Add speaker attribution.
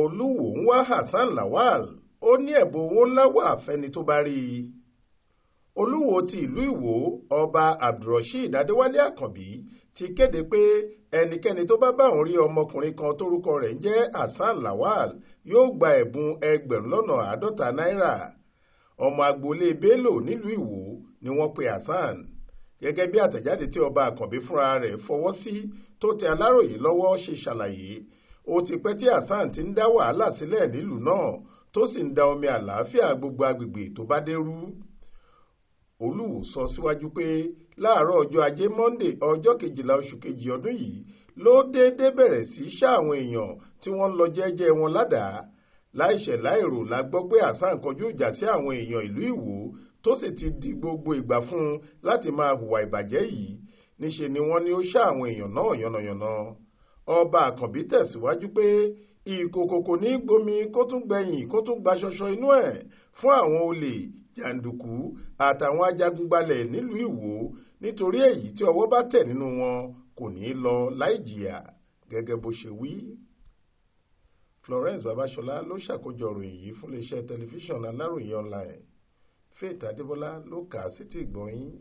Speaker 1: olúwo ń wá hasan lawal ó ní ẹ̀bùn owó ńlá wà fẹ́ni tó bá rí i olúwo ti ìlú ìwò ọba abdulrasheed adéwálé àkànbí ti kéde pé ẹnikẹ́ni tó bá bá òun rí ọmọkùnrin kan tórúkọ rẹ̀ ń jẹ́ hasan lawal yóò gba ẹ̀bùn ẹgbẹ̀rún lọ́nà àádọ́ta náírà ọmọ agboolé bello nílùú ìwò ni wọ́n pe hasan gẹ́gẹ́ bí àtẹ̀jáde tí ọba àkànbí fúnra rẹ̀ fọwọ́ sí tó tẹ aláròyé lọ́wọ́ ṣe ṣàlàyé ó ti pẹ́ tí Hasan ti ń dá wàhálà sílẹ̀ nílùú náà tó sì ń da omi àlàáfíà gbogbo agbègbè tó bá dérú olúwo sọ síwájú pé láàárọ̀ ọjọ́ ajé monde ọjọ́ kejìlá oṣù kejì ọdún yìí ló déédé bẹ̀rẹ̀ sí í ṣá àwọn èèyàn tí wọ́n ń lọ jẹ́ẹ́jẹ́ wọn ládàá láìṣẹ̀ láìrò la gbọ́ pé hasan kọjú ìjà sí àwọn èèyàn ìlú ìwò tó sì ti di gbogbo ìgbà fún un láti máa hùwà ìbàjẹ́ yìí níṣe ni wọ́n ní ó ṣá àwọn èèyàn náà yànnàyànnà ọba àkànbí tẹ̀síwájú pé ìkòkò kò ní gbomi kó tún gbẹ̀yìn kó tún gba ṣọṣọ inú ẹ̀ fún àwọn olè jàǹdùkú àtàwọn ajagunbalẹ̀ nílùú ìwò nítorí èyí tí ọwọ́ bá tẹ̀ nínú wọn kò ní í lọ láì jìyà gẹ́gẹ́ bó ṣe wí. Florence Babasola ló ṣàkójọ ìròyìn yìí fún iléeṣẹ́ tẹlifíṣàn Aláròye online Faith Adébọlá ló kà á sétí ìgbọ̀nyín.